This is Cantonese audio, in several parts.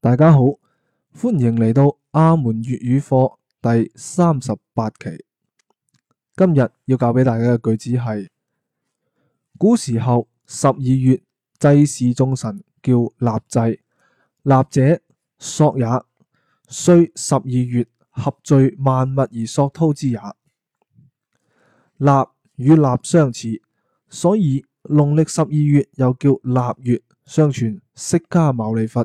大家好，歡迎嚟到阿門粵語課第三十八期。今日要教俾大家嘅句子係：古時候十二月祭祀眾神叫蠟祭，蠟者，索也，歲十二月合聚萬物而索饗之也。臘與蠟相似，所以農曆十二月又叫臘月。相傳釋迦牟尼佛。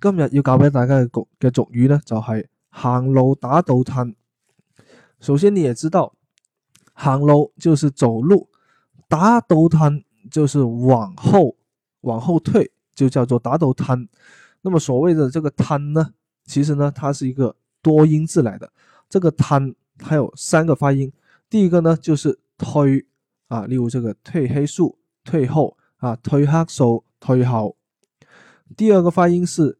今日要教俾大家嘅俗嘅俗語呢，就係、是、行路打倒褪。首先你也知道行路就是走路，打倒褪就是往後往後退，就叫做打倒褪。那麼所謂的這個褪呢，其實呢它是一個多音字來的。這個褪它有三個發音，第一個呢就是褪啊，例如這個褪黑素、褪後啊、褪黑素、褪後。第二個發音是，